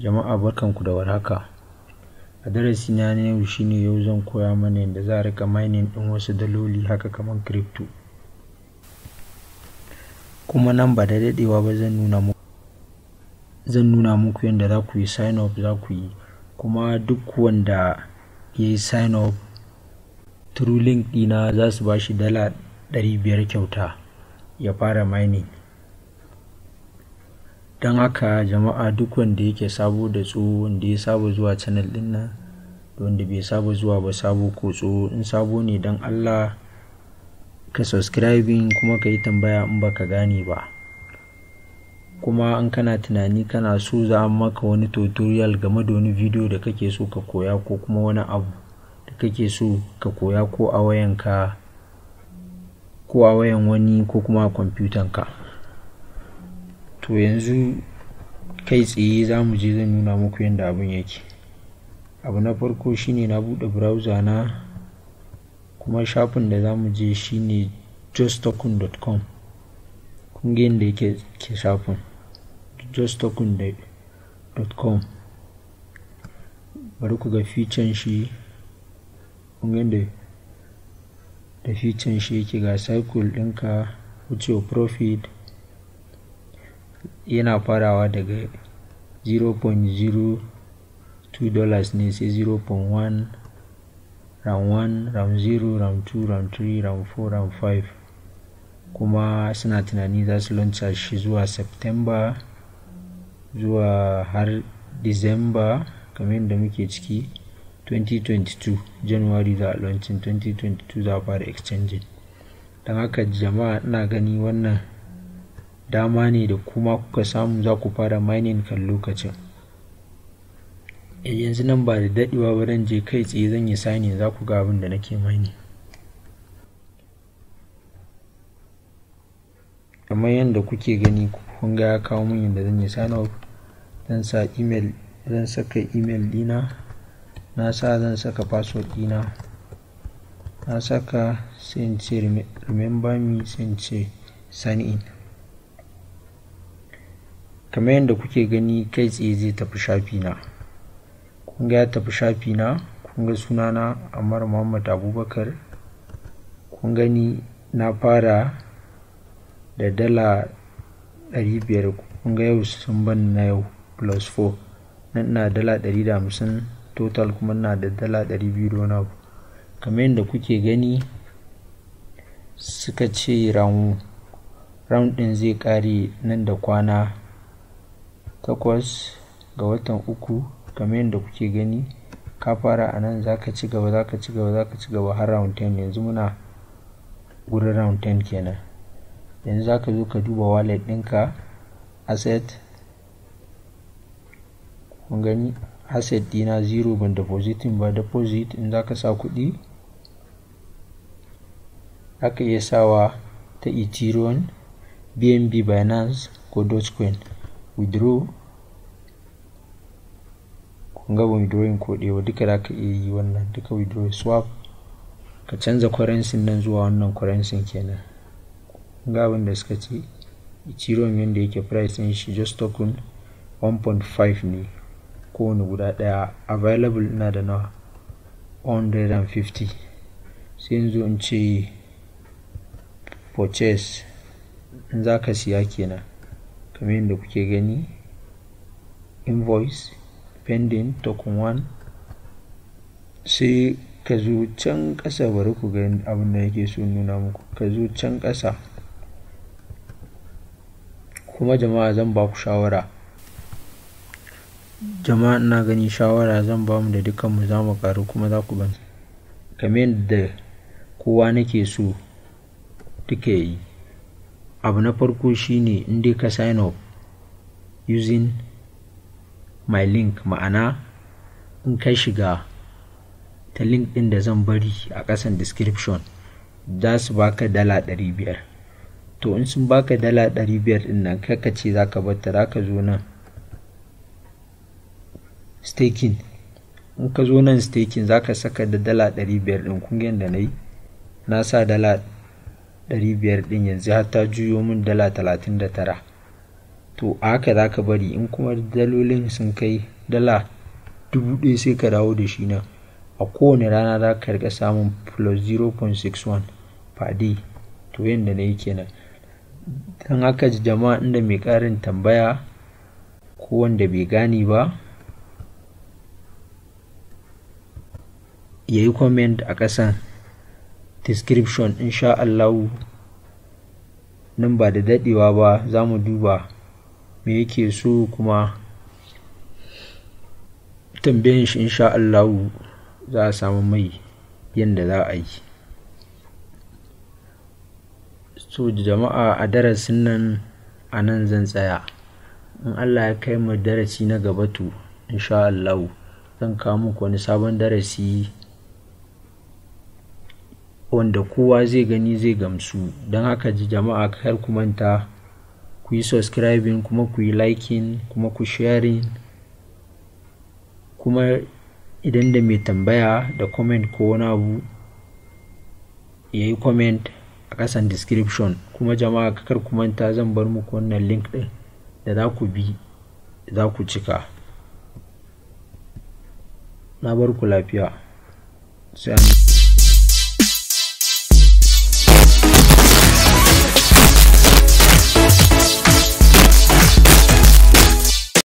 Jama'a barkanku da warhaka. A darasi na yau shine yau zan koya mana yadda za a rika mining din wasu daloli haka kamar crypto. Kuma nan ba da daɗewa ba zan nuna muku zan nuna muku yadda za ku yi sign up za ku yi kuma duk wanda ya yi sign up through link ɗina za su ba shi dala 500 kyauta ya fara mining. don haka jama'a duk wanda yake sabo da tsoho wanda ya saba zuwa canal din nan da wanda bai saba zuwa ba sabo ko tsoho in sabo ne don allah ka subscribing kuma ka yi tambaya in baka gane ba kuma in kana tunani kana so za a maka wani tutorial game da wani video da kake so ka koya ko kuma wani abu da kake so ka koya ko a wayanka ko a wayan wani ko kuma a kwamfutanka to yanzu kai tsaye za mu je zan nuna muku yadda abin yake abu na farko shine na buɗe browser na kuma shafin da za mu je shine justtoken.com kun ga yadda yake ke shafin justtoken.com bari ku ga ficen shi kun yadda da ficen shi yake ga cycle ɗinka wuce profit yana farawa daga 0.02 dollars ne sai 0.1 ram 1 ram 0 ram 2 ram 3 ram 4 ram 5 kuma suna tunani za su launca shi zuwa september zuwa har december kamar yadda muke ciki 2022 january za a launcin 2022 za a fara exchanging don haka jama'a ina gani wannan dama ne da kuma kuka samu za ku fara mining kan lokacin eh, yanzu nan ba da daɗewa ba zan je kai tsaye zan yi sani za ku ga abin da nake mining kamar yadda kuke gani kun ga ya kawo min yadda zan yi sign up zan sa email zan saka email dina na sa zan saka password dina na saka sai in ce remember me sai in ce sign in kamar yadda kuke gani kai tsaye zai tafi shafi na kun ga ya tafi shafi na kun ga sunana Amar Muhammad Abubakar kun gani na fara da dala 500 kun ga yau sun ban na yau plus 4 nan na dala 150 total kuma na da dala 200 na kamar yadda kuke gani suka ce ramu ramu din zai kare nan da kwana takwas ga watan uku kamar yadda kuke gani ka fara a nan za ka ci gaba za ka har round 10 yanzu muna wurin round 10 kenan yanzu za ka zo ka duba wallet ɗinka asset kun gani asset dina zero ban depositin ba deposit in za ka sa kuɗi za ka iya sawa ta ethereum bnb binance ko dogecoin withdraw kun gaba withdrawing ko duka da aka iya yi wannan duka withdraw swap ka canza currency nan zuwa wannan currency kenan kun ga da suka ce ethereum yadda yake price din shi just token 1.5 ne kowane guda ɗaya available ina da nawa 150 sai yanzu in ce purchase in za ka siya kenan kamar yadda kuke gani invoice pending token one sai ka zo can ƙasa bari ku ga abin da yake so nuna muku ka zo can ƙasa kuma jama'a zan ba ku shawara jama'a ina gani shawara zan ba mu da dukkanmu za mu ƙaru kuma za ku ban kamar yadda kowa nake so duka yi abu na farko shine ne inda ka sign up using my link ma'ana in ka shiga ta link ɗin da zan bari a ƙasan description za su baka dala 500 to in sun baka dala 500 ɗin nan kaka ce za ka bata za ka zo nan staking in ka zo nan staking za ka saka da dala 500 ɗin kun yadda na yi na sa dala 500 ɗin yanzu har ta juyo min dala 39 to a haka za ka bari in kuma dalolin sun kai dala 1000 sai ka dawo da shi na a kowane rana za ka rika samun plus 0.61 per day to yadda na yi kenan don haka jama'a inda mai ƙarin tambaya ko wanda bai gane ba ya yi comment a ƙasan description insha Allahu nan ba da dadewa ba za mu duba me yake so kuma tambayin shi insha Allahu za a samu mai yadda za a yi so jama'a a darasin nan a nan zan tsaya in Allah ya kai mu darasi na gaba to insha Allahu zan kawo muku wani sabon darasi wanda kowa zai gani zai gamsu don haka ji jama'a kar ku manta ku yi subscribing kuma ku yi liking kuma ku sharing kuma idan da mai tambaya da comment ko wani abu ya yi comment a ƙasan description kuma jama'a kar ku manta zan bar muku wannan link ɗin da za ku bi za ku cika na bar ku lafiya sai